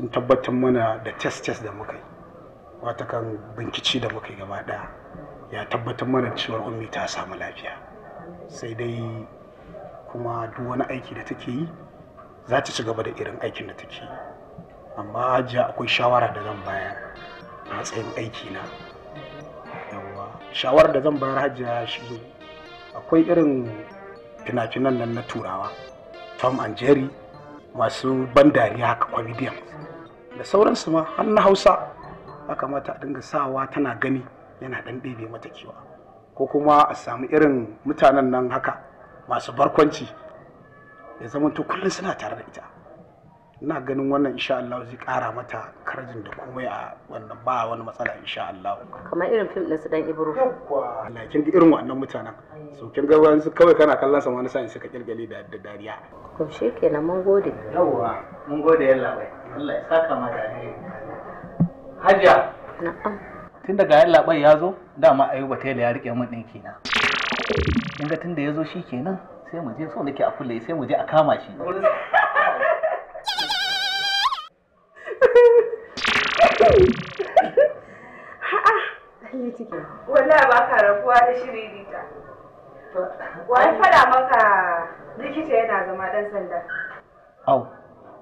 sun tabbatar mana da test test da muka yi wata kan binkici da muka yi gaba daya ya tabbatar mana cewar ummi ta samu lafiya sai dai kuma duk wani aiki da take yi za ta ci gaba da irin aikin da take yi amma hajiya akwai shawara da zan bayar a matsayin aiki na yawa shawara da zan bayar hajiya shi akwai irin fina-finan nan na turawa tom and jerry masu ban dariya haka comedian da sauransu ma har na hausa ya kamata a dinga sawa tana gani yana dan ɗebe mata kewa ko kuma a samu irin mutanen nan haka masu barkwanci ya zama to kullum suna tare da ita ina ganin wannan insha Allah zai kara mata karjin da komai a wannan ba wani matsala insha Allah kamar irin fim din su dan Ibro Allah kin ga irin wannan mutanen so kin ga wani kawai kana kallon sa wani sa'in suka kirgale da dariya shi kenan mun gode yawa mun gode yalla bai Allah ya saka ma da Hajiya. Tun daga yan labai ya zo, dama Ayuba Taylor ya rike min ɗinki na. Kin ga tun da ya zo shi kenan sai mu je so nake a kulle sai mu je a kama shi. Wallahi ba ka rabuwa da shiri dita. Wai faɗa maka likita yana zama ɗan sanda.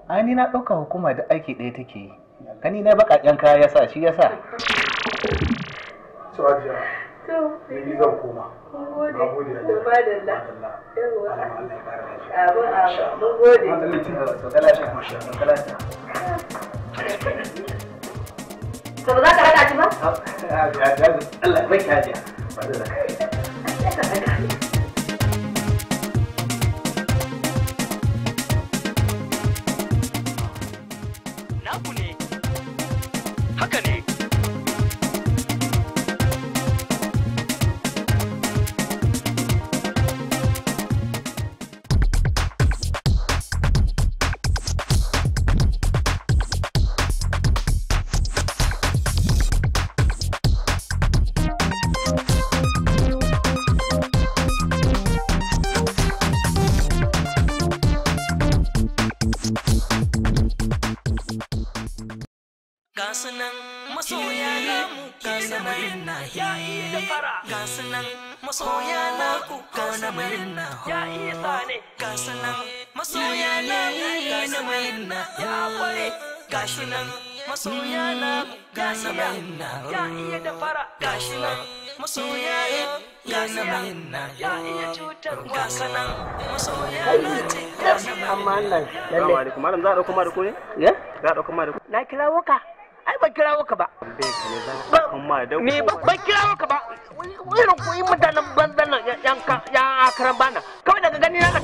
ai ni na ɗauka hukuma da aiki ɗaya take yi Kanina na baƙaƙen kaya yasa shi ba Allah ya ba da amma nan a na ai ban kirawo ka ba ni ba ban kirawo ka ba mutanen banzan nan yan akaran bana kawai daga gani na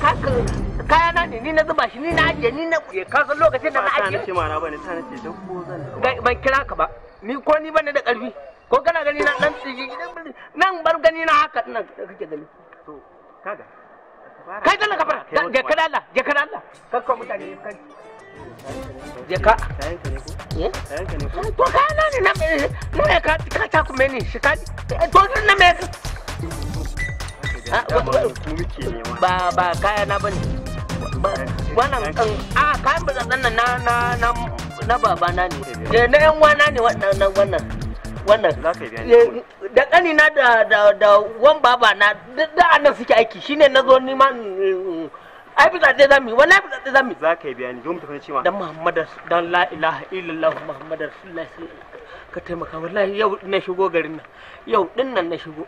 kaya na ne ni na zuba shi ni na ajiye ni na ka san lokacin da na ajiye ba ce bane ta ko zan ban kira ka ba ni ko ni bane da karfi ko kana gani na dan nan bar gani na haka nan kake gani kaga kai dalla kafara ka dalla je ka dalla kakko mutane je ka kayan ka ne ka ne na ka ka ta kuma ne shi ka eh, to na me ka ah, ba ba kaya na bane wannan kan a kayan bazan nan na na na ne eh, na yan ne wannan wannan wannan eh, da kani na da da da wan baba na da annan suke aiki shine nazo ni ma mm, mm, ai bi zaɗe zami wallahi bi zaɗe zami za ka yi bayani don tafi cewa dan muhammad dan la ilaha illallah muhammad rasulullahi ka taimaka wallahi yau na shigo garin nan yau din nan na shigo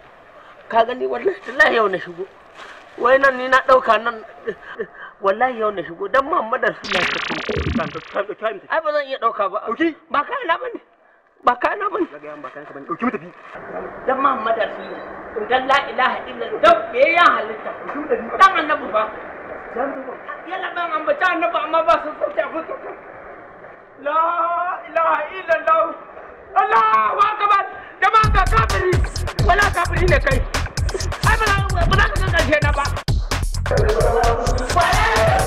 ka gani wallahi wallahi yau na shigo wai nan ni na ɗauka nan wallahi yau na shigo dan muhammad rasulullahi ka taimaka ai ba zan iya ɗauka ba ba ka ala bane ba kana ban daga yan ba kanka ban dauki mu tafi dan Muhammad Rasul dan la ilaha illa dan me ya halitta dan annabi ba yalla ban an bata annabi amma ba sun sauke abin sauke la ilaha illa Allah Allahu akbar jama'a ka kafiri wala kafiri ne kai ai ba ba ka ga karshe na ba Fire!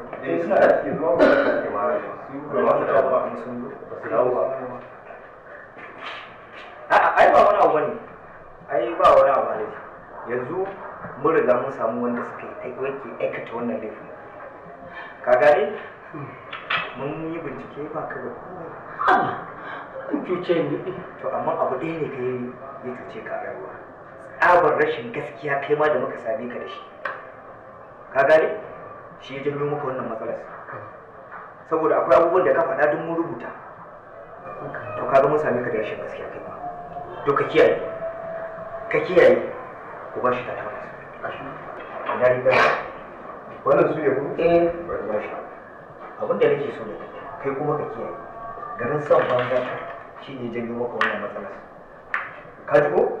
eh ba da suke ba ma su ba ai ba wani abu ne ai ba wani abu ne yanzu mun riga mun samu wanda suka yi aiki aikata wannan laifin ka gane mun yi bincike ba ka da komai cuce ni to amma abu ɗaya ne ka yi ya cuce ka rayuwa tsabar rashin gaskiya kai ma da muka same ka da shi ka gane shi ya janyo maka wannan matsalar saboda akwai abubuwan da ka faɗa duk mun rubuta to ka mun sami ka da rashin gaskiya kai ma to ka kiyaye ka kiyaye ku ba shi ta tabbas wannan su ne kuma eh ba ba shi abin da nake so da kai kuma ka kiyaye garin son banza shi ne janyo maka wannan matsalar ka ji ko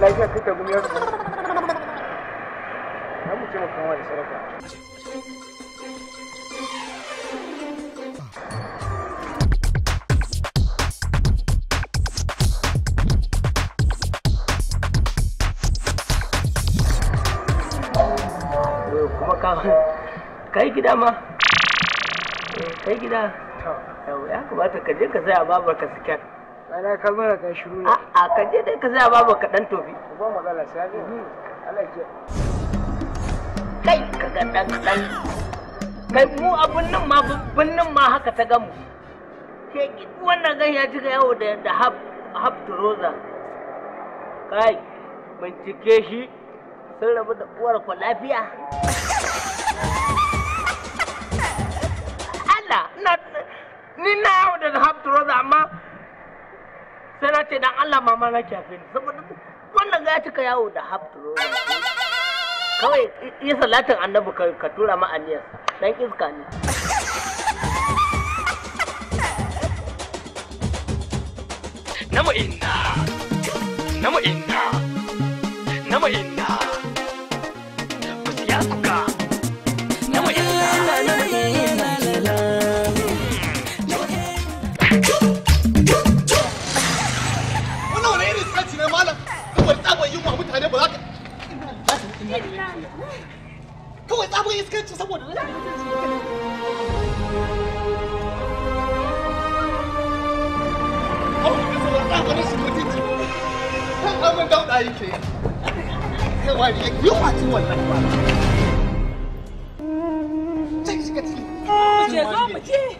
malam lafiya na kama eh, ka kai gida ma eh, kai gida ya kamata ka je ka saya babar ka sikyar Bana ka ka shiru ne. A ka je dai ka za babu ka dan Ba sai ne. Mm-hmm. Allah ya Kai ka ga dan dan. Kai mu abun nan ma ma haka ta gamu. Ke wannan gan ya ji ga yawo da da hab hab turoza. Kai bincike shi sun rabu da uwar ku lafiya. Allah, ni na yawo da hab turoza amma sai na ce dan Allah mama na kyafe ni saboda wannan ga ya cika yawo da haftu kawai yi salatin annabi ka tura ma aniyar dan iska ne na inna na inna na inna ada belaka kawai tsabon iskanci saboda rashin mutunci kan amin dauda yake kai wani yake yi kwaci wannan ba. Cek shiga ciki. Ke zo mu je.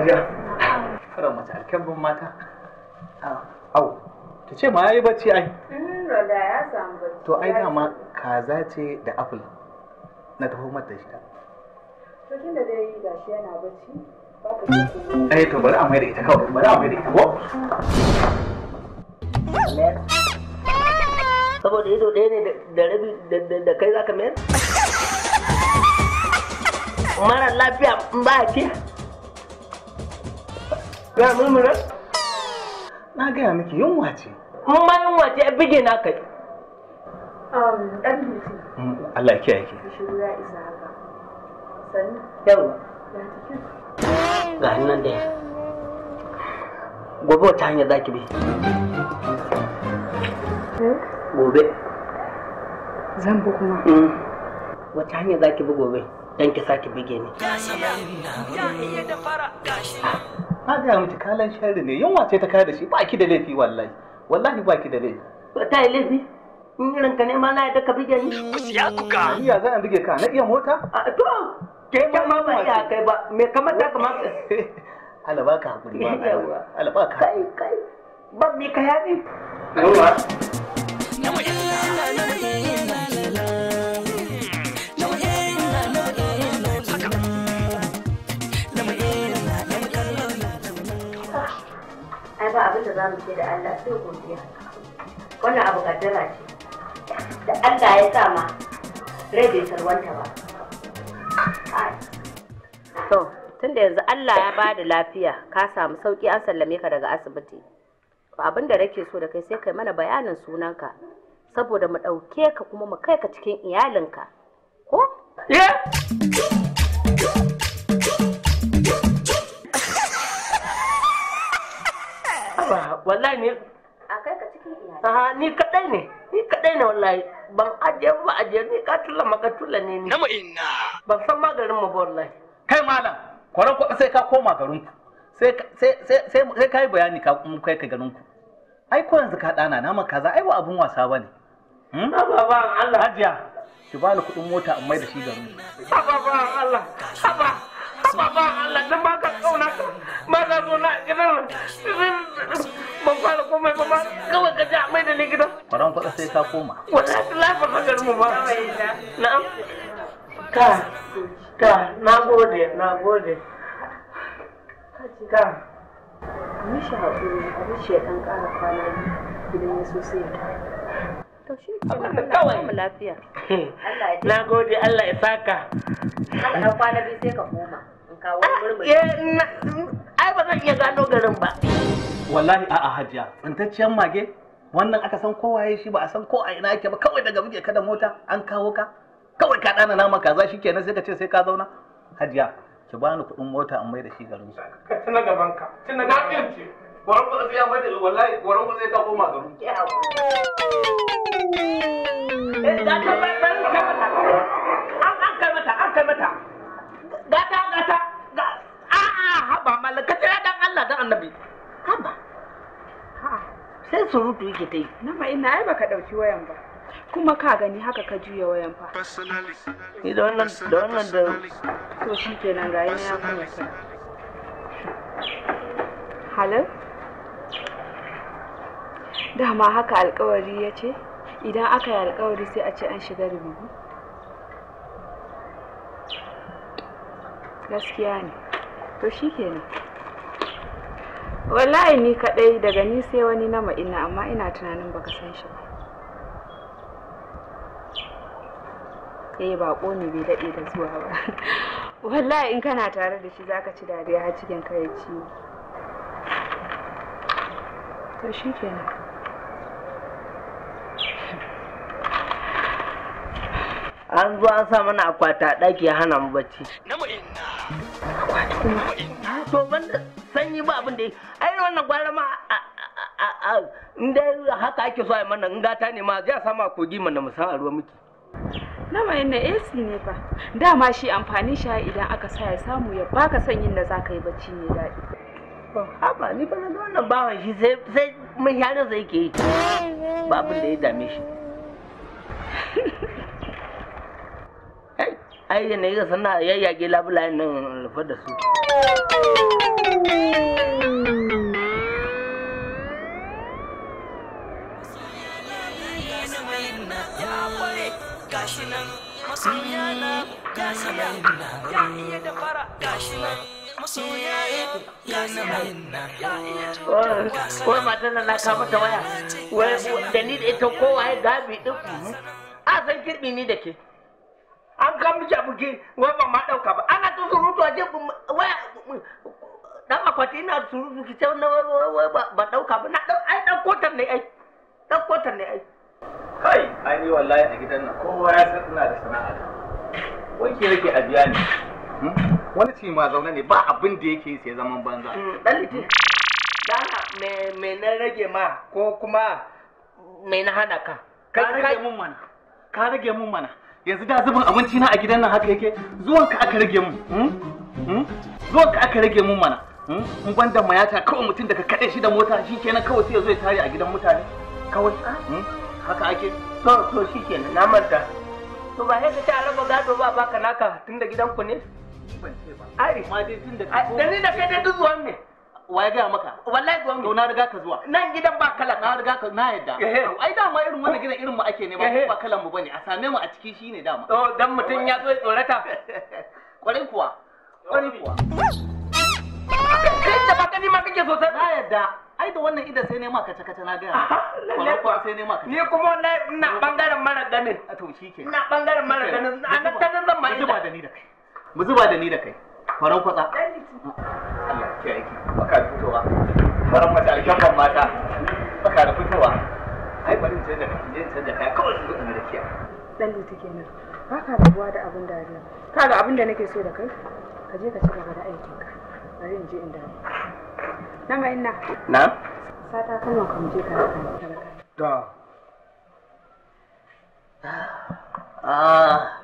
hajiya karan mace alkyabban mata au ta ce ma ya yi bacci ai mm, to ai dama kaza ce da apple na taho mata shi to da dai gashi yana bacci Eh to bari a mai da ita kawai bari a mai da ita ko saboda ido ɗaya ne da rabi da kai zaka mayar mara lafiya ba ki. Ya murmura? Na gaya miki yunwa ce. Mun ma yunwa ce a bige na kai. Um, mm, Allah ya kiyaye ki. Yawa. Ga nan da Gobe wata hanyar hmm? mm. za ki bi. Gobe. Zan bi kuma. Wata hanyar za ki bi gobe don ki sake bige ni. Ga iya da fara gashi. na gaya mace kalan sharri ne yunwa ce ta kaya da shi ba ki da laifi wallahi wallahi ba ki da laifi ba ta yi laifi in yi ka ne ma na yadda ka bige ni ku siya ku ka ni ya zan bige ka na iya mota a to ke ba ma ba ya kai ba me kamar ta kamar ala ba ka hakuri ba Allah baka kai kai ba mi ka yaɗi. Yawa. Yawa. da za mu ce da Allah sai godiya wannan abu kaddara ce da Allah ya sa ma rai bai sarwanta ba to da yanzu Allah ya ba da lafiya ka samu sauki an sallame ka daga asibiti abinda abin da nake so da kai sai kai mana bayanin sunanka saboda mu ɗauke ka kuma mu kai ka cikin iyalinka ko? Yeah. wallahi ne a kai ka cikin iyali aha ni kadai ne ni kadai ne wallahi ban ajiye ba ajiye ni ka tulla maka tulla ne ni Nama inna ban san magarin mu ba wallahi kai malam kwaran ku sai ka koma garin ku sai sai sai sai kai bayani ka mun kai ka garin ku ai ko yanzu ka dana na maka kaza ai wa abun wasa bane hmm ba Allah hajiya ki bani kuɗin mota amma da shi garin ku ba Allah haba haba ba Allah dan baka kauna ba ka zo na fara komai ba kawai ka ja mai da ni gidan faran kwada sai ka koma wallahi lafa ka garmu ba na'am ka ka na gode na gode ka mishi haƙuri a bishe ɗan ƙara kwana gidan ya so sai ta to shi kawai mu lafiya hmm. na gode Allah ya saka Allah ya kwana biyu sai ka koma in kawo murmuri ah, eh, ai ba zan iya gano garin ba wallahi a'a hajiya tsantacciyar mage wannan aka san kowaye shi ba a san ko a ina yake ba kawai daga muke kada mota an kawo ka kawai ka dana nama kaza shikenan sai ka ce sai ka zauna hajiya ki bani kuɗin mota an mai da shi garin su tuna gaban ka tuna gaban gwaron ku tafiya mai da wallahi gwaron ku zai ta koma garu an kai mata an kai mata gata gata a'a haba malaka ta dan Allah dan annabi haba sai surutu yake ta yi na ma ina ai baka dauki wayan ba kuma ka gani haka ka juya wayan fa ni da wannan da wannan da to shi kenan ga yana ya kuma hello dama haka alkawari ya ce idan aka yi alkawari sai a ce an shiga rubutu gaskiya ne to shi kenan wallahi ni kadai daga ni sai wani na ma'ina amma ina tunanin baka san shi ba eh bako ne bai daɗe da zuwa ba wallahi in kana tare da shi zaka ci dariya har cikin kai ciwo to shi kenan an zo an sa mana akwata a ɗaki ya hana mu bacci to ban sanyi ba abin da yi ai wannan gwara ma in dai haka ake so a yi mana in gata ne ma ja sama kogi mana mu san a ruwa muke na mu yana AC ne fa dama shi amfanin shi idan aka sa ya samu ya baka sanyin da za ka yi bacci ne daɗi haba ni ba na wannan bawan shi sai mun yana zai ke yi Babu da ya dame shi ai yana nayi sana yayyage labulayen nan rufe da su gashi na nan matan na mata waya wai da ni da ita kowa ya gabi a san ni da ke an kan miji abuki wai ba ma dauka ba ana ta surutu a je waya dan akwati ina surutu ki sai wai ba dauka ba na dau ai dan kotar ne ai dan kotar ne ai kai ai ni wallahi a gidan nan kowa ya san ina da sana'a wai ke yake a biya ni hmm? wani ci ma zaune ne ba abin da yake yi sai zaman banza dan mm, litin hmm? dana me me na rage ma ko kuma me na hana ka ka rage mun mana ka rage mun mana yanzu da zubin abinci na a gidan nan haka yake zuwan ka aka rage mun hmm? Hmm? zuwan ka aka rage mun mana mun hmm? banda mayata kawai mutum daga kaɗe shi da mota shi kenan kawai sai ya zo ya tare a gidan mutane kawai haka ake to to shi kenan na manta to ba sai ta raba gado ba baka naka tun da gidanku ne ban ce ba ai ma dai tun da da ni da kai dai duk zuwan ne wa ya gaya maka wallahi gwamnati to na riga ka zuwa nan gidan ba kala na riga ka na yadda ai ma irin wannan gidan irin mu ake ne ba ba kalan mu bane a same mu a ciki shine dama to oh, dan mutun ya zo tsorata Kwarin kuwa Kwarin kuwa kai da ba kani ma kake so sai na yadda ai da wannan idan sai ne ma kace kace na gaya kwarai kuwa sai ne ma kace ni kuma na ina bangaren mara ganin to shike ina bangaren mara ganin an ta zan ma ina ba da ni da kai mu zuba da ni da kai faran kwatsa Allah ke aiki baka fitowa a mata alkafan mata baka da fitowa ai bari in canza kai, je canza kaya kawai su gudun da kiya dan lutu kenan baka rabuwa da abin dariya kaga abin da nake so da kai ka je ka ci gaba da aikin ka bari in je in dawo nan ga inna na sata kuma ka je ka da ah, ah.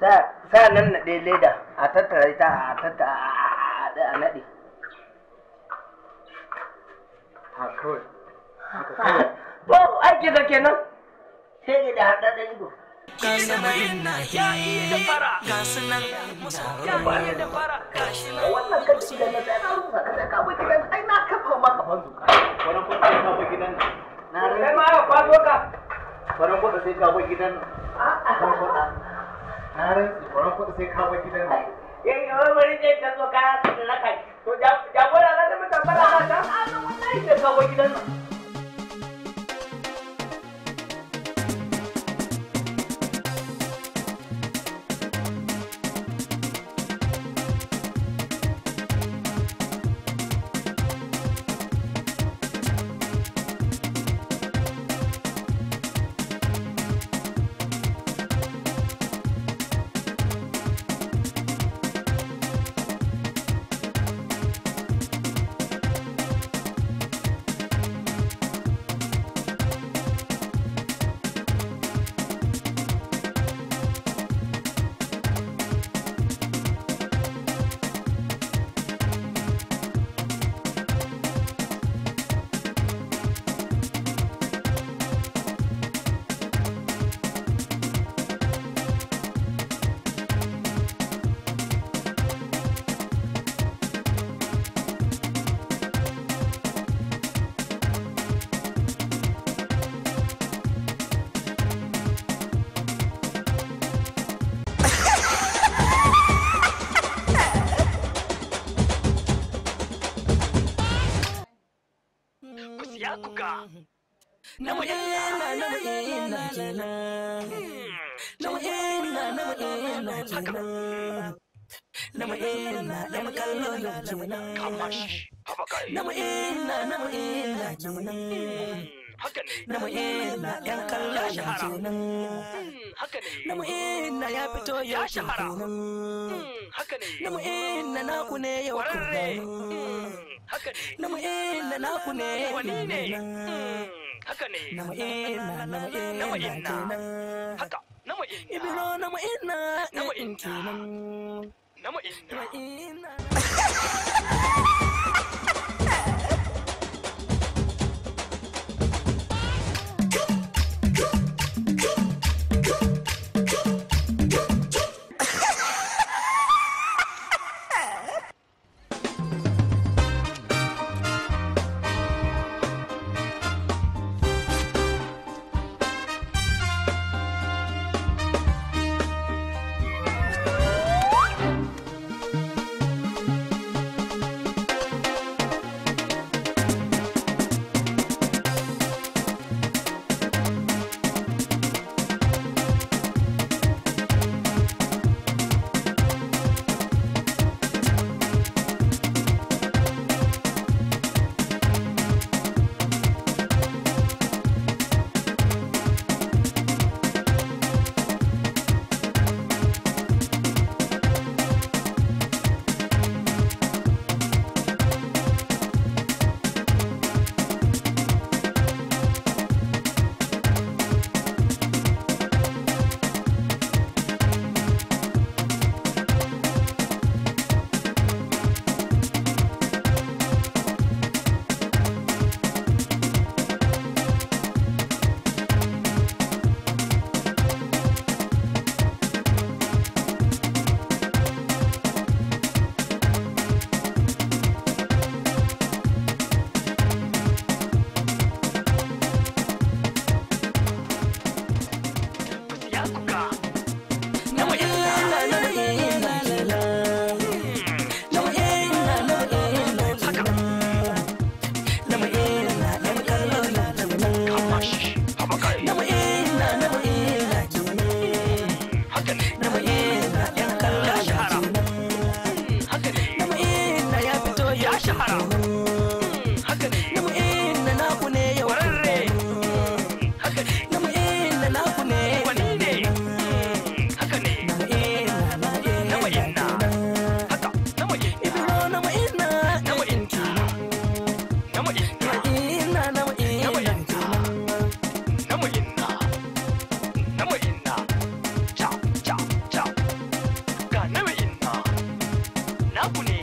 sa nan na ɗaya leda a tattara ita a tattara a naɗe to aiki da kenan sai da haɗaɗɗen ido ga samarin na yayi da fara ga sunan da fara ga wannan kaci da na sai na rufe ka ka gidan ai na kafa ma ka bi gidan na rai ma ya ka sai gidan a'a na rantsi kwaron kuɗi sai kawo gidan nan eh yawon wani zai ta zo kaya su kai. to jagora na da mutan fara haka a zo kawo gidan juna namu illa namu illa juna hmm, namu illa yan kallon hmm, namu illa ya fito ya shahara hmm, namu illa naku ne yau namu illa naku ne wani ne haka namu illa namu illa haka namu namu illa namu illa na mu'inna 나보네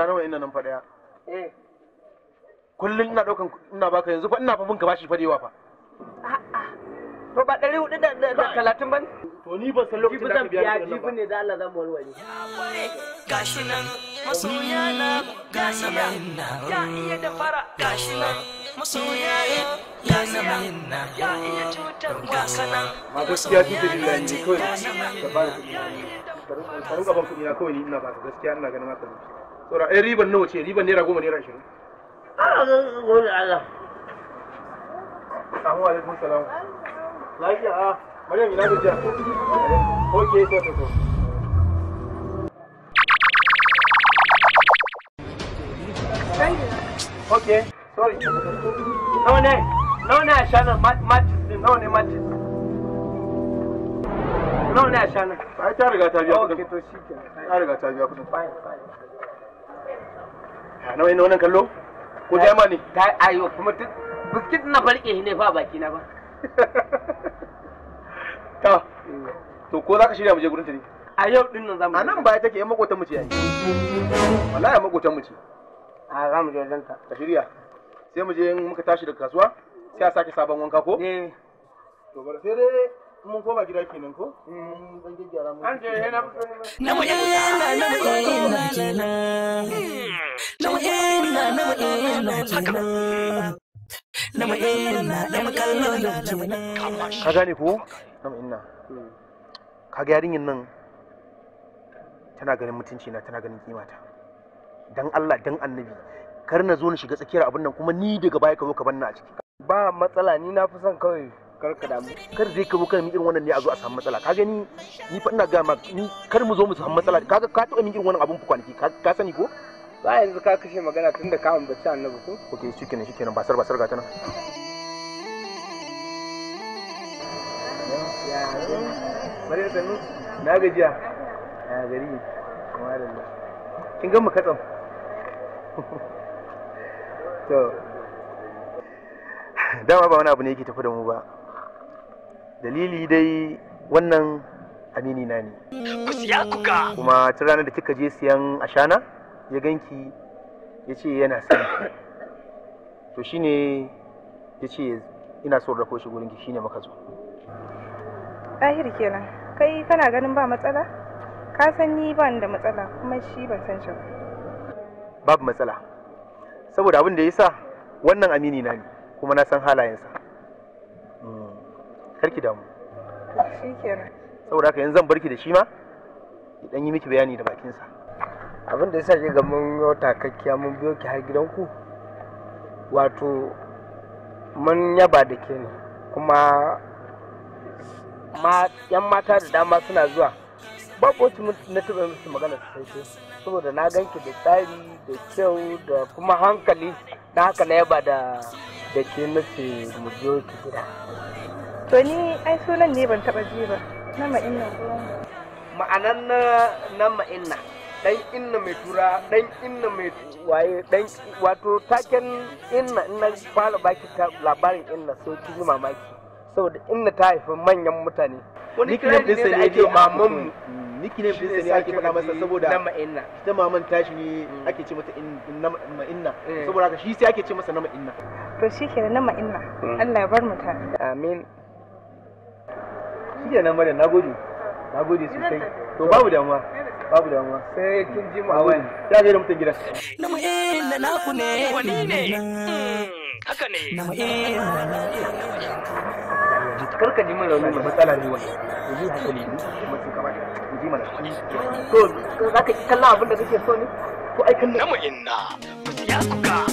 gano wa ina nan fa eh. kullum ina daukan ina baka yanzu fa ina fa binka bashi fadewa fa a'a to ba ɗari hudu da talatin ba to ni ba san lokacin da biya ni ba ne da Allah zan walwale gashi nan masoya na ya iya da fara gashi nan masoya ya na ya iya cutar nan ma gaskiya ne kawai ka ba ka kawai ni ina ba gaskiya ina ganin haka tsora ai eh, riban nawa ce riban naira goma naira ashirin a ga gobe Allah Assalamu alaikum salam lafiya a ah, Maryam ina gajiya okay to to to Okay, sorry. No ne, no ne a shanar matches din, no ne matches. No ne a shanar. Ai ta riga ta biya Okay, to shi ke. Ta riga ta biya kudin. Fine, fine. ka nawa wannan kallo ko jama ne ta ayo kuma biskit na farke ne fa baki na ba ta to ko za ka shirya mu je gurin ta ne a yau din nan zamu a baya take yan makotan mu ce yayi wallahi makotan mu ce a za mu je wajen ta ka shirya sai mu je in muka tashi daga kasuwa sai a sake sabon wanka ko eh. mun koma gida kenan ko? Zan gyaggyara mu. An je yana Na mu ina na mu ina Na mu ina na mu ina kenan. Na mu ina na mu kallo kenan. Ka gane ko? Na mu ina. Ka ga yarinyin nan tana ganin mutunci na tana ganin kimata. Dan Allah dan Annabi kar na zo na shiga tsakiyar abin nan kuma ni daga baya ka zo ka banna a ciki. Ba matsala ni na fi son kawai kar ka damu kar zai ka muka min irin wannan ne a zo a samu matsala ka gani ni fa ina ga ma ni kar mu zo mu samu matsala kaga ka taɓa min irin wannan abun kwanaki ka sani ko ba yanzu ka kashe magana tun da ka ambaci annabi ko ok shikenan shikenan basar basar ga ta nan Mariya sannu na gajiya a gari kuma da kin gan mu katsam to dama ba wani abu ne yake tafi da mu ba dalili dai wannan amini na ne ku siya kuka kuma ta ranar da kika je siyan ashana ya ganki ya ce yana sani, to shi ne ya ce ina son rako shi gurin shi ne maka zo ɗahir kenan kai kana ganin ba matsala ka san ni ban da matsala kuma shi ban san shi babu matsala saboda abin da ya sa wannan amini na ne kuma na san halayensa karki damu saboda haka yanzu zan barki da shi ma idan yi miki bayani da bakinsa abin da yasa ga mun yau kakkiya mun biyo ki har gidanku wato mun yaba da ke ne kuma yan mata da dama suna zuwa babu wacce na taɓa musu magana su sai ke saboda na ganki da tsari da kyau da kuma hankali da haka na yaba da da ke nufi mu biyo ki gida to ni ai sunan ne ban taba ji ba na ma'inna ma'anan na na ma'inna dan inna mai tura dan inna mai waye dan wato taken inna inna fara baki labarin inna so ki ji mamaki saboda inna ta haifi manyan mutane wani kiran da ake mamanmu niki ne bisa ne ake mm, faɗa masa saboda ita maman tashi ne mm. ake ce mata inna eh. saboda haka shi sai ake ce masa na inna to shi ke na inna mm. Allah ya bar mu ta amin shike nan maryam na sosai babu damuwa babu damuwa sai kin ji mu a wani ya na mu eh na naku ne wani ne hmm, haka ne na mu matsala ne wani kuma sun kama da za kalla abin da so ne ya kuka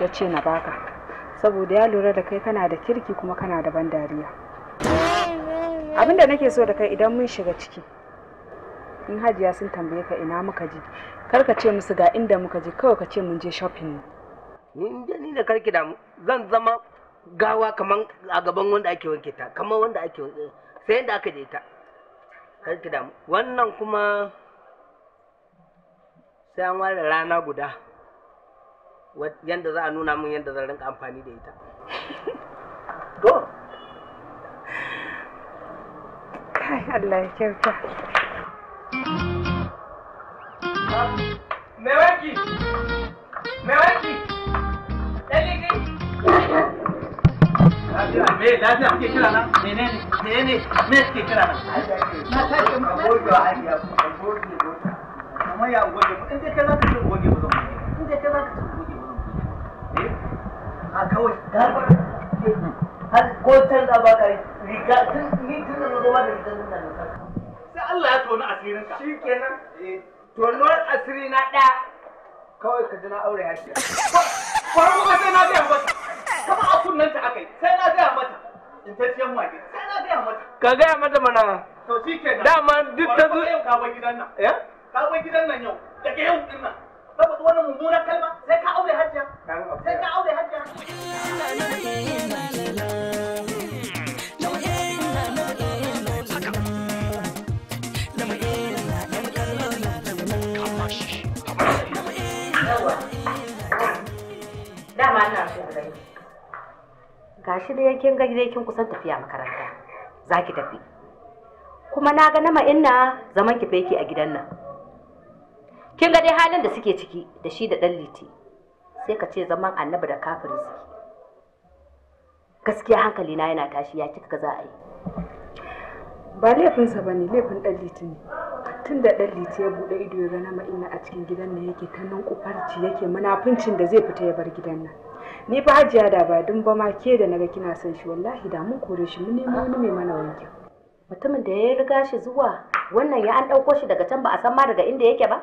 ya ce na baka saboda ya lura da kai kana da kirki kuma kana da ban dariya Abinda nake so da kai idan mun shiga ciki in hajiya sun tambaye ka ina muka je kar ka ce musu ga inda muka je kawai ka ce mun je shopping ne ni da ni da karki da zan zama gawa kaman a gaban wanda ake wanke ta kaman wanda ake wanke sai yadda aka je ta karki da wannan kuma sai an ware rana guda yadda za a nuna mun yadda zan rinka amfani da ita to kai Allah ya kyauta ah, me wanki me wanki me lafiya kuke kira na me suke kira na na ya gobe ya goge. a ah, kawai garba har ko canza ba ka riga tun ni tun da zo ba da riga nan da sai Allah ya tona asirin ka shikenan eh, tonuwar asiri na ɗaya kawai ka ji na aure ya haƙi kwaron kuma sai na gaya mata kama a kunnan ta yi. sai na gaya mata intacciyar mage sai na gaya mata ka gaya mata mana to shikenan dama duk ta zo ka bar gidan nan Ya. ka bar gidan nan yau daga yau din nan ka faɗi wannan mummunan kalma sai ka aure hajjiya sai ka aure hajjiya gashi da yakin ga dai kin kusan tafiya makaranta za ki tafi kuma na ga nama inna zaman ki feki a gidan nan kin ga dai halin da suke ciki da shi da dan liti sai ka ce zaman annabi da kafiri suke gaskiya hankali na yana tashi ya kika za a yi ba laifinsa ba ne laifin dan liti ne tun da dan liti ya buɗe ido ya gana ma'ina a cikin gidan nan yake ta nan kufarci yake munafincin da zai fita ya bar gidan nan ni ba hajiya da ba dun ba ma ke da naga kina son shi wallahi da mun kore shi mun nemo wani mai mana wanki. mutumin da ya riga shi zuwa wannan ya an ɗauko shi daga can ba a san ma daga inda yake ba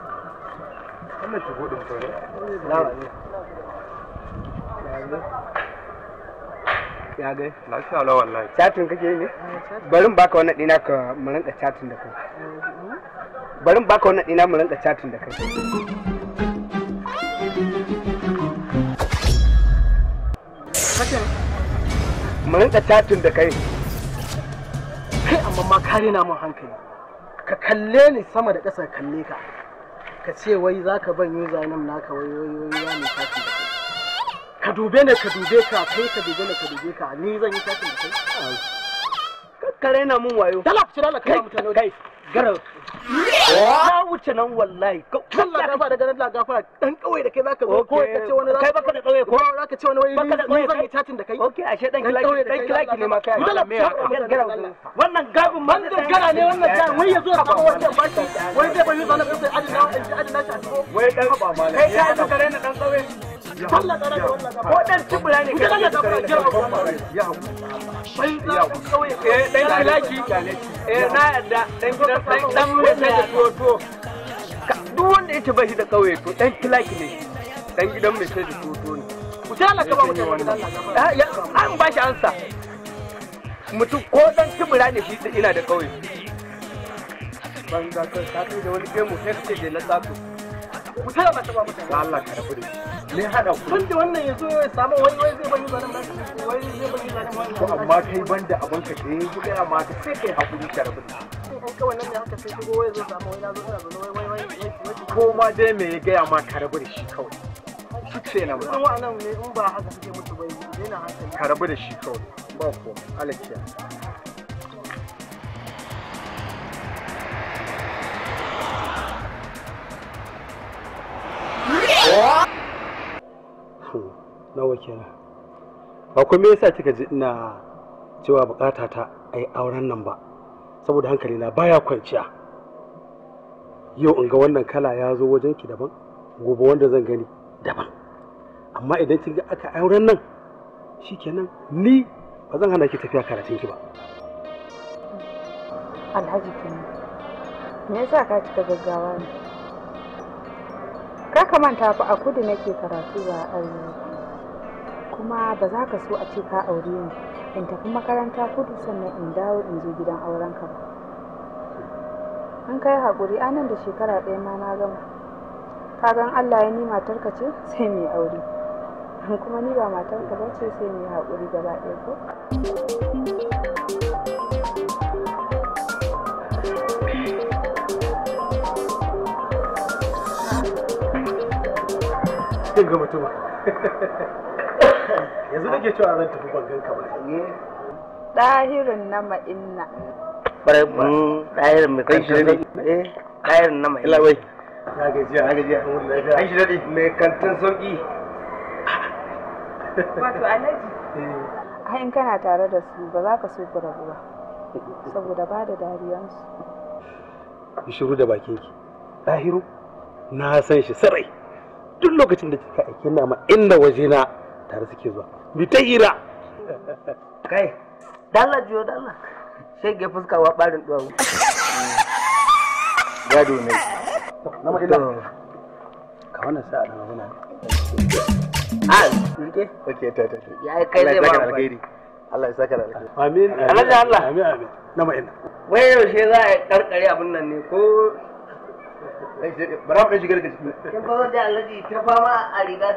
wannan ki fara ya gai lafiya wallahi chatin kake ne barin baka wannan dina ka mu rinka chatin da kai barin baka wannan dina mu rinka chatin da kai mu rinka chatin da kai kai amma ma kare na mun hankali ka kalle ni sama da ƙasa kalle ka ka ce wai za ka ban yi name naka wai wai wai ya ne kafi da kai ka dube ne ka dube ka kai ka dube ne ka dube ka ni zan yi kafi da kai ka na mun wayo dalak ci kai kai garau Na wuce nan wallahi. lagafa dan da kai zaka zo ko ka ce wani kai baka da ko zaka ce wani wai ni zan yi da kai. Okay ashe dan kilaki dan kilaki ne ma kai. Wannan gabin man gara ne wannan wai wai zai sai na na Wai dan malai. Kai kare dan Allah Allah Ya to to duk wanda ya ce ba shi da kauye to dan tilaki ne dan gidan mai sai da toto ne ku ta Allah ba mutum wannan an ba shi ansa mutum ko dan tibira ne shi ina da kauye ban ga ka da wani gemu sai ka ce da na tsato wuta ba ta ba mutane Allah ka rabu da shi ne hada ku tunda wannan yazo ya samu wani wai zai bani zanen nan wai zai bani zanen ko amma kai banda abin ka sai ku ga amma ka sai kai hakuri ka rabu da shi in ne haka sai wai zai samu wai na zo wai wai wai ko ma dai me ya gaya ma ka rabu da shi kawai shi ce nan ba wa'annan ne in ba haka suke mutu bai yana hankali ka rabu da shi kawai ba ko ba kenan ba kuma yasa kika ji ina cewa bukata ta ai auren nan ba saboda hankali na baya kwanciya yau in ga wannan kala ya zo wajen ki daban gobe wanda zan gani daban amma idan kin ga aka auren nan shikenan ni ba zan hana ki tafiya karatun ki ba Alhaji kin me yasa ka cika gaggawa ne ka kamanta fa a kudu nake karatu ba a arewa kuma ba za ka so a ce ka aure ni in tafi makaranta kudu sannan in dawo in je gidan aurenka ba an kai haƙuri anan da shekara ɗaya ma na gama ka gan allah ya ni matarka ce sai mai aure kuma ni ba matarka ba ce sai mai haƙuri gaba ɗaya ko yanzu nake cewa zan tafi ban ganka ba dahirin na ma'inna bare ba mm, dahirin mai kanshi ne eh Dahirin na ma'inna labai na gajiya na gajiya an shi mai kantin sauƙi wato alaji eh. a in kana tare da su ba za ka so ku rabu ba saboda ba da dariyansu ki shiru da bakinki Dahiru? na san shi sarai duk lokacin da kika aike na ma inda waje na tare suke zuwa bi ta ira kai dalla jiyo dalla ga fuska wa barin duwawu gado ne na ka wannan sa'a da magana a ah, rike ok ta ta ya kai zai ba Allah ya saka amin amin amin na wai yaushe za a karkare abin nan ne ko bara mu shigar da ciki kin ba da alaji ta fama a riga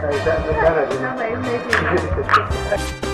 sai da ce dan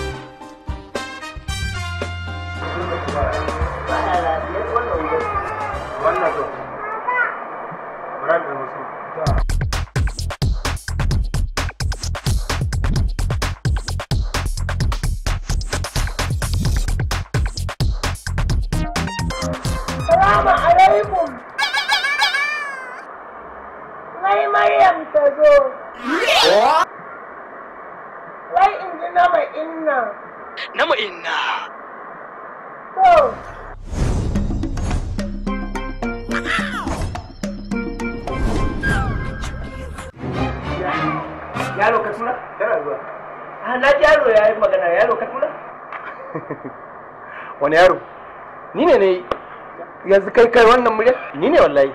kai kai wannan murya ni ne wallahi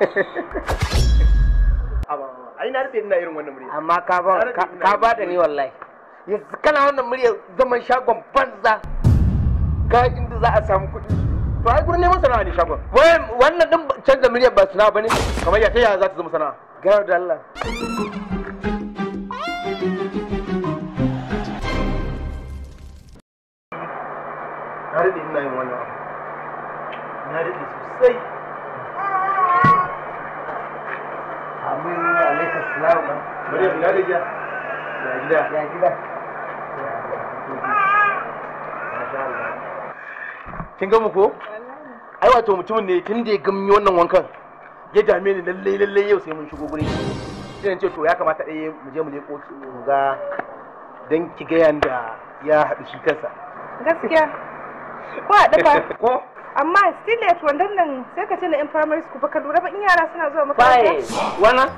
ai na rufe ina irin wannan murya amma ka ba ka ba da ni wallahi yanzu kana wannan murya zaman shagon banza ga inda za a samu kuɗi to ai gurin neman sana'a ne shagon wannan din canza murya ba sana'a bane kamar ya ta yaya za ta zama sana'a gara da Allah kin ga mu ko ai wato mutumin ne tun da ya gami wannan wankan ya dame ni lalle lalle yau sai mun shigo gurin sai ce to ya kamata dai mu je mu leko mu ga dan ki ga yanda ya haɗu shi kansa gaskiya ko a dafa ko amma still to wannan nan sai ka ce na in primary school baka lura ba in yara suna zuwa makaranta wannan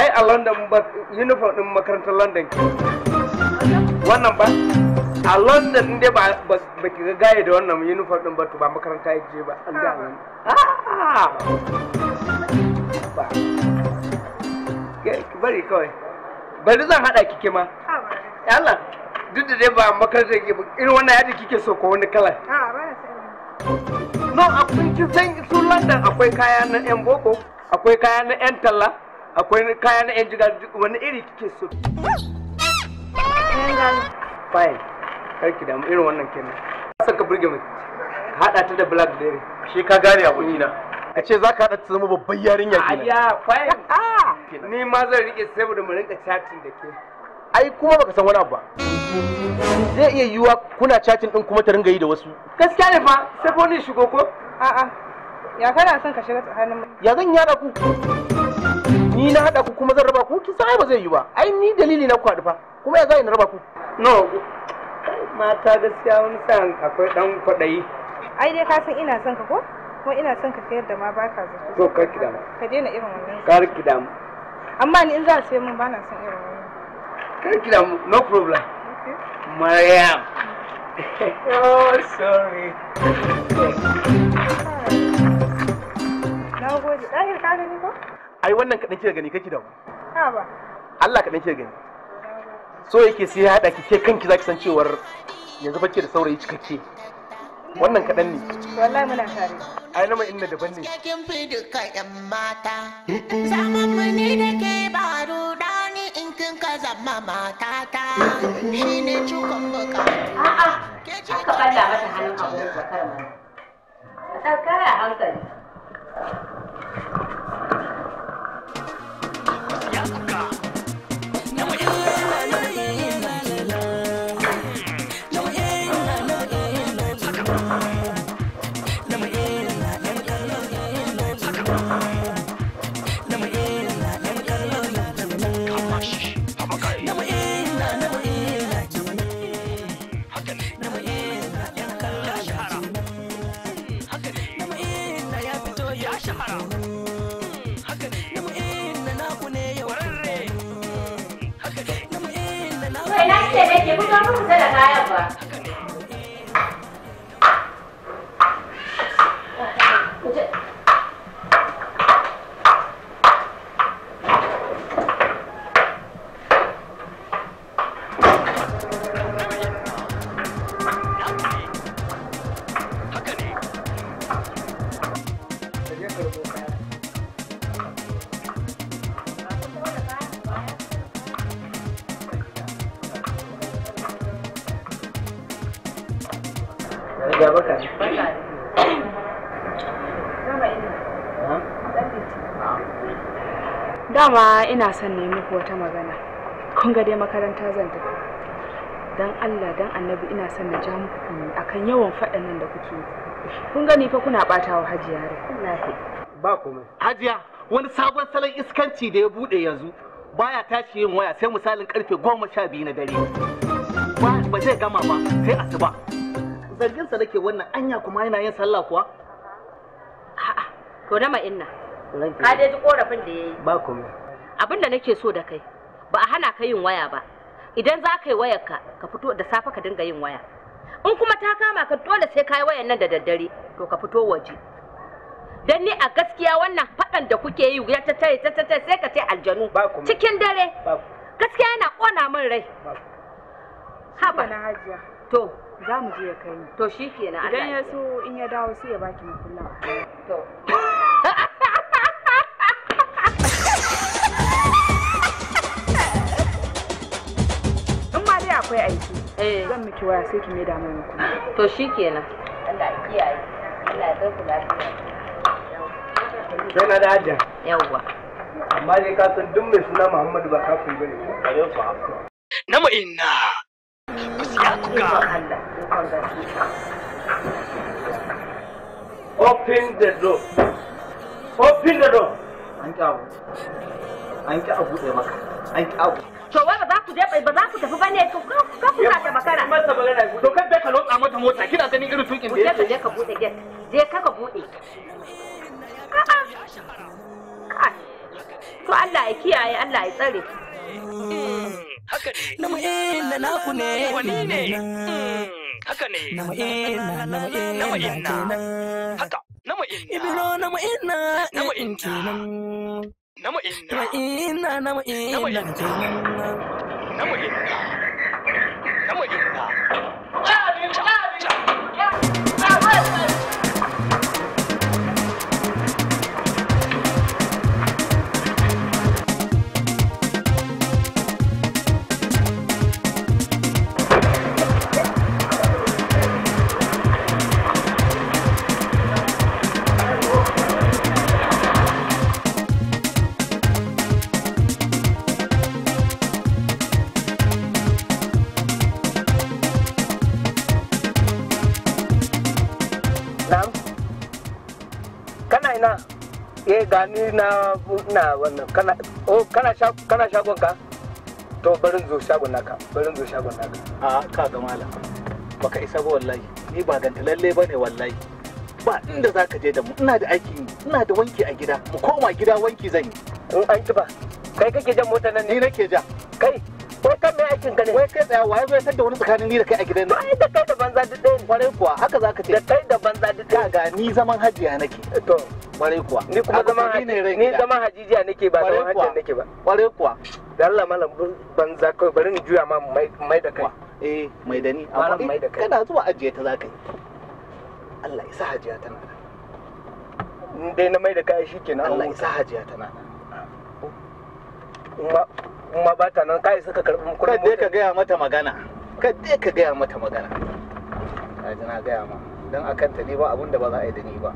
ai a London ba uniform din makarantar London wannan ba a london din ba ba ki ga gaya da wannan uniform din ba to ba makaranta ya je ba an ga nan ah! ki bari kawai bari zan hada ki ke ma Allah duk da dai ba makaranta ya ba irin wannan yadda kike so ko wani kala a ba no akwai kin san su london akwai kaya na yan boko akwai kaya na yan talla akwai kaya na yan jigar wani iri kike so Bye. karki da irin wannan kenan san ka burge mu ka hada ta da blackberry shi ka gane a kunina A ce za ka hada ta zama babban yarinya kenan ya fine ah! ni ma zan rike saboda mu rinka chatting da ke ai kuma baka san wani abu ba zai iya yiwuwa kuna chatting din kuma ta ringa yi da wasu gaskiya ne fa sai ko ni shigo ko a'a ya kana son ka shiga tsakanin ya zan yada ku ni na hada ku kuma zan raba ku kin sai ba zai yi ba ai ni dalili na ku haɗu fa kuma ya zai na raba ku no mata gaskiya wani sa'an akwai dan kwaɗayi ai dai ka ina son ka ko kuma ina son ka sayar da ma ka zato to kar ki damu ka daina irin wannan kar ki damu amma ni in za a sayar min ba na son irin wannan kar ki damu no problem Mariam. oh, sorry. Na gode. Ɗahir ka gani ko? Ai wannan kaɗan kika gani kake da Ha ba. Allah kaɗan kika gani. so yake sai ya haɗa ki ke kanki zaki san cewar yanzu bakke da saurayi cikakke wannan kaɗan ne wallahi muna tare ai nama inna daban ne cikin fidika yan mata zaman mu da ke ba ruda ni in kin ka zama mata ta shi ne cikon buka a'a ka balla mata hannun abu bakar mana a tsakara hankali ina son na yi muku wata magana kun ga dai makaranta zan tafi dan Allah dan annabi ina son na ja muku kunni akan yawan faɗan nan da kuke yi kun gani fa kuna ɓata wa hajiya rai wallahi ba komai hajiya wani sabon salon iskanci da ya bude yanzu baya tashi yin waya sai misalin karfe goma sha biyu na dare ba zai gama ba sai asuba zarginsa nake wannan anya kuma yana yin sallah kuwa a'a to na ma'inna ka dai ji korafin da ya yi ba komai abin da nake so da kai ba a hana ka yin waya ba idan za ka yi wayar ka ka fito da safe ka dinga yin waya in kuma ta kama ka dole sai ka yi wayar nan da daddare to ka fito waje dan ni a gaskiya wannan fadan da kuke yi ya ta tare ta tare sai ka ce aljanu cikin dare gaskiya yana kona min rai haba na hajiya to za mu je ya kai ni to shikenan idan ya so in ya dawo sai ya baki makulla to akwai aiki eh. zan miki waya sai ki maida mai kuma to shikenan Allah ya kiyaye Allah ya dauka lafiya yana da hajja yawwa amma dai ka san duk mai suna Muhammadu ba kafin bane na mu inna ga. Open the door. Open the door. An an ki a buɗe maka an ki abu to wai ba za ku je ba za ku tafi bane to ka ka ta makara mata magana to kan dai ka lotsa mata mota kina ganin irin tukin da yake je ka buɗe gate je ka ka buɗe to Allah ya kiyaye Allah ya tsare hmm, haka ne na na ku ne wani ne hmm, haka ne na mu'in na na mu'in na haka na mu'in na ibro na mu'in Namu inna. inna, namu inna. inna. eh gani na na wannan kana oh kana shagon ka to barin zo shagon naka barin zo shagon naka a ka ga malam baka isa ba wallahi ni ba ganta lalle bane wallahi ba inda zaka je da mu ina da aiki ina da wanki a gida mu koma gida wanki zan yi in an kiba kai kake jan motar nan ni nake ja kai Ko kan mai aikin ka ne wai kai tsaya waye zai da wani tsakanin ni da kai a gidan nan da kai da banza duk ɗaya kwarai kuwa haka zaka ce da kai da banza duk ɗaya ga ni zaman hajiya nake to Kwarai kuwa. Ni kuma zama ni zama hajijiya nake ba zama hajjan nake ba. Kwarai kuwa. Da Allah malam za kai bari ni juya ma mai da kai. Eh mai da ni amma mai eh, da kai. Kana zuwa ajiye ta zaka yi. Allah ya sa hajiya tana da. In dai na mai da kai shikenan Allah ya sa hajiya tana da. Kuma kuma ba ta nan kai suka karbi kuɗin. Kai dai ka gaya mata magana. Kai dai ka gaya mata magana. Ka na gaya ma. Dan akan ta ne ba abun da ba za a yi da ni ba.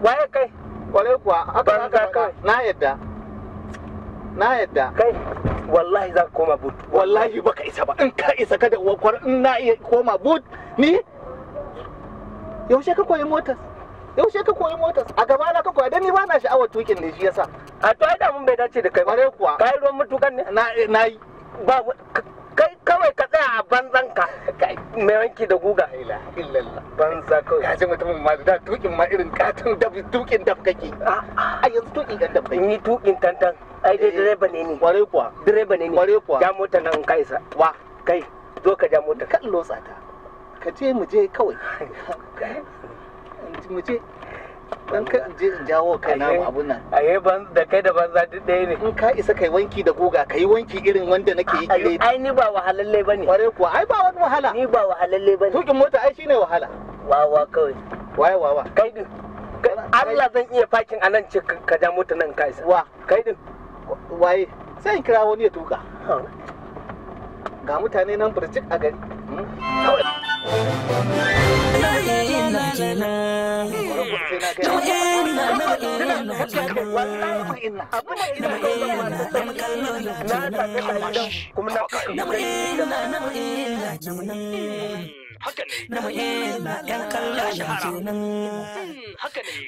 Waye kai? kwarai kuwa haka za na yadda na yadda kai wallahi za ka koma but wallahi baka isa ba in ka isa kada wakwar in na iya koma but ni yaushe ka koyi motas yaushe ka koyi motas a gaba na ka koya dan ni ba na sha'awar tukin da shi yasa a to ai da mun bai dace da kai ba kuwa kai ruwan mutukan ne na na ba kai kawai ka tsaya a banzan ka mai wanki da guga banza kawai ya ce mutumin ma da tukin ma irin katon dab tukin dab kake a yanzu tukin kan dab ni tukin tantan ai dai eh. direba ne ni kware kuwa direba ne ni kware kuwa ja mota nan kai sa wa kai zo ka ja mota kan lotsa ta ka je mu je kawai mu je dan ka in je in jawo kai na abun nan aye ban da kai da banza duk ɗaya ne in ka isa kai wanki da goga kai wanki irin wanda nake yi kire ai ni ba wahalalle bane kware kuwa ai ba wani wahala ni ba wahalalle bane tukin mota ai shine wahala wawa kawai waye wawa kai din Allah zan iya fakin anan ce ka ja mota nan ka isa wa kai din waye sai in kira wani ya tuka ga mutane nan burjik a gari hmm? kawai na mu'ina yan ya kenan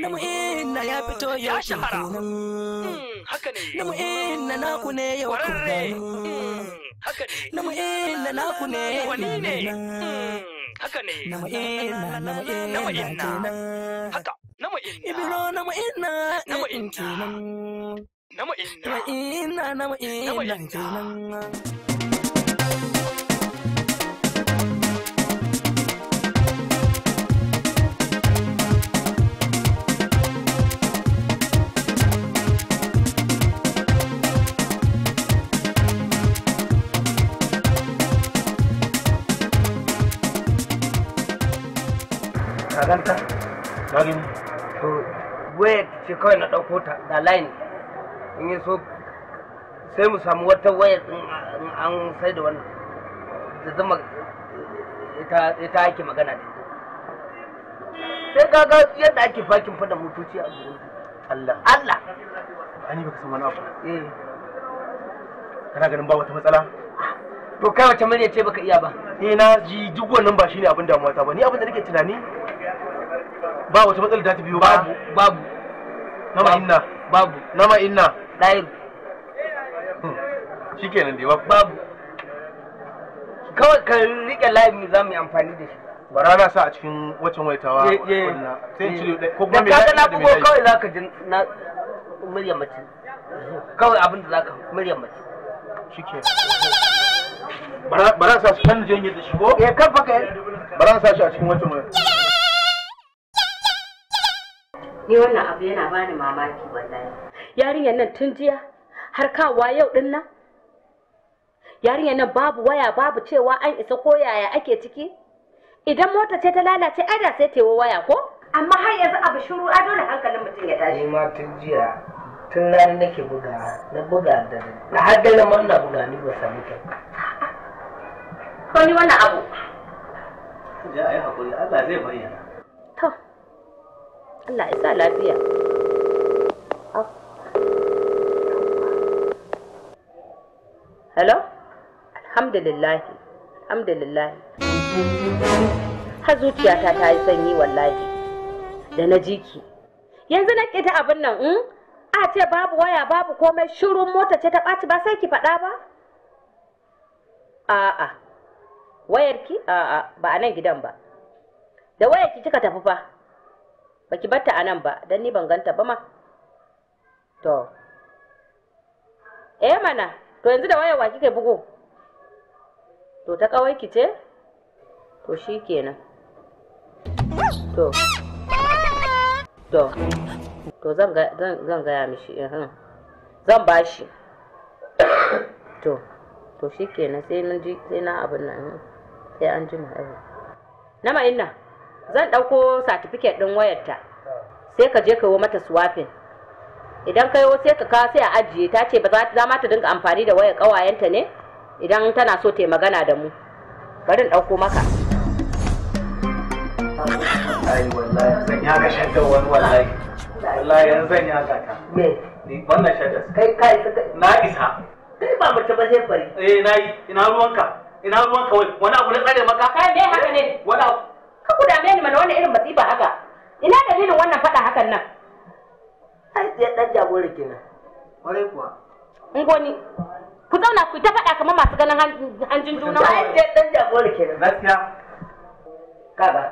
na mu'ina ya fito ya shahara na naku ne yau ku gano na mu'ina naku ne wani ne haka ne nama inna nama inna nama inna haka nama inna ibro nama inna nama inna nama inna nama inna inna kazanta na gani to waya ce kawai na ɗauko ta da line in yi so sai mu samu wata wayar in an sai da wannan da zama ita ake magana da sai kaga yadda ake fakin fada motoci a gurin Allah Allah yi baka san wani abu eh kana ganin ba wata matsala to kai wace murya ce baka iya ba eh na ji duk wannan ba shine abin damuwa ta ba ni abin da nake tunani ba wata matsala da ta biyo babu babu na ma'ina babu na ma'inna hmm. shi kenan da babu kawai ka rike layi za mu yi amfani da shi bara na sa a cikin wacan waitawa sai cire cire ko kuma me da na bugo kawai zaka ji na muryar mace kawai abin da zaka muryar mace kenan bara sa su kan janye da shi ko ya eh, kan faka kai bara sa shi a cikin wacan waitawa ni wannan abu yana bani mamaki wallahi yarinyar nan tun jiya har kawa yau din nan yarinyar nan babu waya babu cewa an isa ko yaya ake ciki idan mota ce ta lalace ai da sai tewa waya ko amma har yanzu abu shiru a dole hankalin mutum ya tashi ma tun jiya tun nan nake buga na buga da na har da lamar na buga ni ba sami ta ko ni wannan abu ya ai hakuri Allah zai bayyana Allah ya sa lafiya hello alhamdulillah alhamdulillah har zuciyata ta yi sanyi wallahi da na jiki yanzu na ƙi ta abin nan in hmm? a ce babu waya babu komai shirun mota ce ta ɓaci ba sai ki faɗa ba a'a wayarki a'a ba a nan gidan ba da wayarki kika tafi fa baki batta a nan ba don ni ban ganta ba ma to eh mana to yanzu da wayewa kike bugo to ta kawai ki ce to shi kenan to to to zan gaya mishi eh, zan ba shi to to shi kenan sai na abin nan sai an ji jima na ma'ina zan ɗauko satifiket ɗin wayarta sai ka je ka yi mata suwafin, idan ka sai ka kawo sai a ajiye ta ce ba za ma ta dinga amfani da wayar ƙawayenta ne idan tana so ta yi magana da mu bari ɗauko maka yanzu zan kai na isa ba mace ba zai bari eh nayi ina ruwanka ina ruwanka wani abu na tsare maka kai dai haka ne wani abu Ka ku dame ni mana wani irin masifa haka. Ina dalilin wannan faɗa hakan nan? Ai sai dan jagora kenan. Kwarai kuwa. Ngoni. Ku zauna ku ta faɗa kamar masu ganin hanjin juna. Ai sai dan jagora kenan. Gaskiya. Kaga.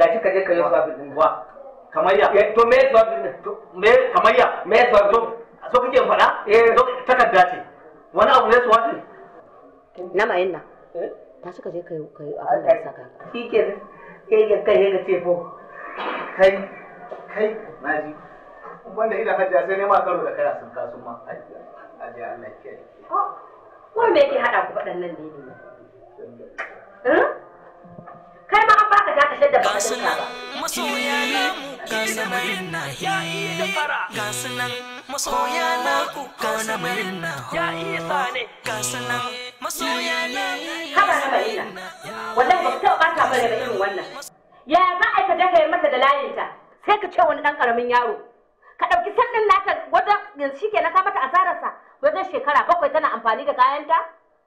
Gashi ka je ka yi swabin din buwa. Kamar ya. Eh, to me swabin din? Me kamar ya? Me swabin? To so kake faɗa? Eh so takarda ce. Wani abu ne swabin? Na mayin nan. Ta suka je ka yi abin da ya saka. Shi kenan. yayyan kai yayyan tefo kai kai naji wanda ida hajja sai ne ma karo da kaya sun kasu ma aje Allah ke ah, wanda yake haɗa ku waɗannan ne ne eh? kai ma an baka ta kashe da ba ka ba masoya ne ga samarin da ga sunan masoya na kuka na na ya isa ne ka sanan masoya na haba na bayyana wannan ba ta bata bare da irin wannan ya za a ka daga mata da layinta sai ka ce wani dan karamin yaro ka dauki sandan nata wajen yanzu shi ke na ka mata asararsa wajen shekara bakwai tana amfani da kayanta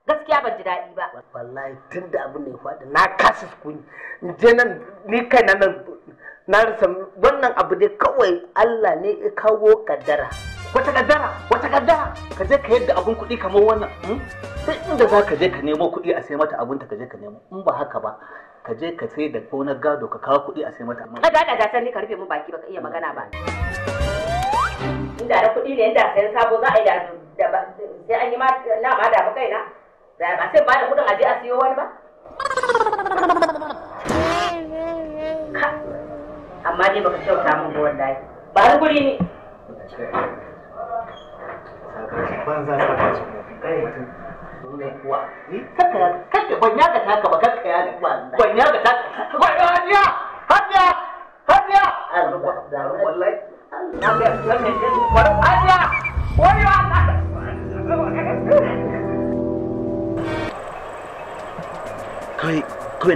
gaskiya ban ji daɗi ba wallahi tun da abin ne faɗi na kasa sukuni je nan ni kai na nan na rasa wannan abu dai kawai Allah ne ya kawo kaddara wata kaddara wata kaddara ka je ka yadda abun kuɗi kamar wannan hmm? sai inda za ka je ka nemo kuɗi a sai mata abun ka je ka nemo in ba haka ba ka je ka sai da kona gado ka kawo kuɗi a sai mata ka ga da gasar ne ka rufe mu baki ba ka iya magana ba inda da kuɗi ne inda sayan sabo za a yi da sai an yi ma na ma da kai na da ba sai ba da kuɗin aje a siyo wani ba amma ne baka kyauta mun ba wallahi ba ni guri ne banza ta ba su kawai kawai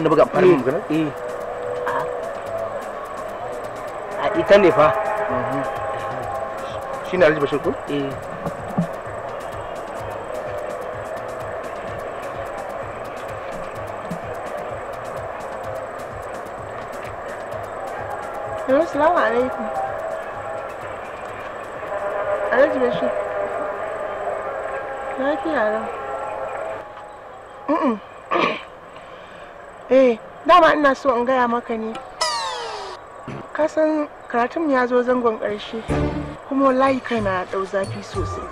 na buga amfani mun gana eh a ita ne fa mhm. shine Alhaji eh Yau salamu alaikum. Alhaji Bashir. Lafiya nan. Mm Eh, dama ina so in gaya maka ne. Ka san karatun ya zo zangon ƙarshe kuma layi kai na ɗau zafi sosai.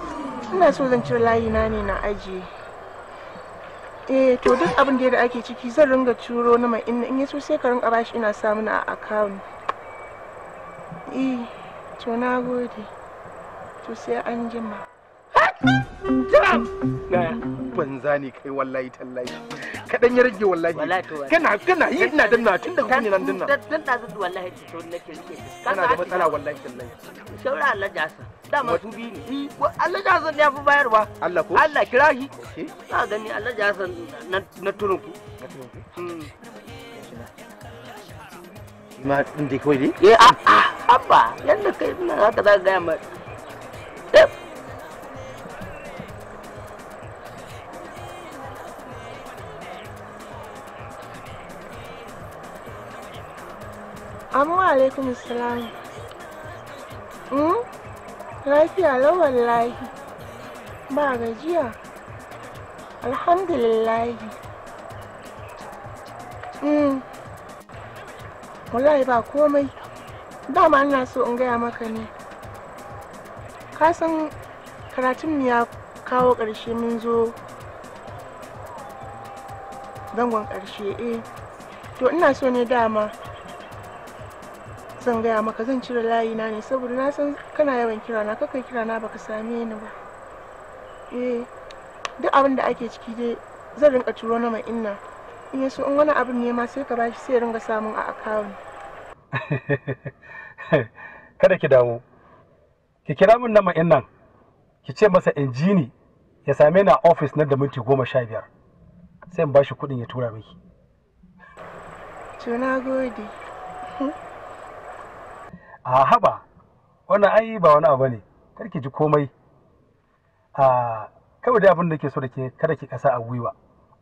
Ina so zan cire layi na ne na ajiye. eh to duk abin da ake ciki zan ringa curo na mai in ya so sai ka ringa bashi ina samun a account Eh, to na gode. To sai an jima. banza ne kai wallahi tallahi kadan ya rage wallahi kana kana yi ina danna tun da kuni nan danna dan da zuwa wallahi to nake rike kana da matsala wallahi tallahi shaura Allah jasa da tu bi ne Allah jasa ne yafi bayarwa Allah ko Allah kira shi ka gani Allah jasa na turunku ma din dai kawai dai eh a ah, a ah, abba yanda kai nan za ka gaya ma Amma alaikum salam. Hmm? Lafiya lau wallahi. Ba gajiya. Alhamdulillahi. Hmm. wallahi ba komai dama ina so in gaya maka ne ka san karatun mu ya kawo ƙarshe mun zo zangon ƙarshe eh to ina so ne dama zan gaya maka zan cire layi na ne saboda na san kana yawan kira na kakan kira na baka same ni ba eh duk abin da ake ciki dai zan rinka turo na mai inna iya so in wani abin ne ma sai ka bashi sai ringa samun a akawun kada ki damu ki kira min nama in nan ki ce masa injini ya same ni a ofis na da minti goma sha biyar sai in bashi kuɗin ya tura miki tuna gode a ah, haba wannan ai ba wani abu ne kar ki ji komai a ah, kawai da abin da ke so da ke kada ki kasa a gwiwa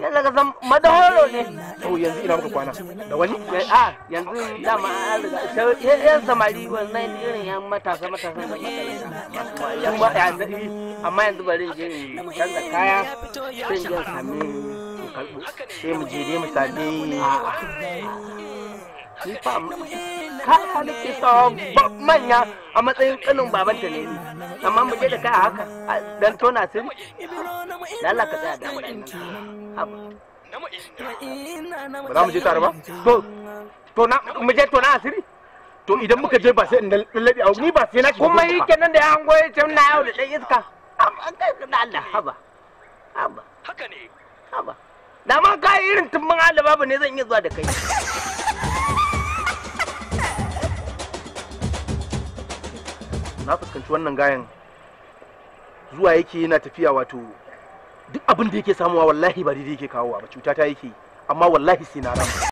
yalla ga zan madahoro ne to yanzu ina muka kwana da wani eh, a ah, yanzu dama an riga eh, yan samari wannan irin yan matasa matasa da matasa amma yanzu bari je in canza kaya sai in je sami sai mu je dai mu sami ah, Kifa kaya da ke sawa manya a matsayin kanin babanta ne Amma mu je da kai a haka dan tona sirri. Lalla ka tsaya da Ba za mu je tare ba? To, to na mu je to na asiri? To idan muka je ba sai in lallabe a ni ba sai na kuma yi kenan da ya hango ya ce na yau da ɗan iska. Amma kai da Allah haba. Haba. Haka ne. Haba. Da ma kai irin tumbin Allah babu ne zan iya zuwa da kai. na fuskanci wannan gayan zuwa yake yana tafiya wato duk abin da yake samuwa wallahi ba daidai yake kawo ba cuta ta yake amma wallahi sai na rama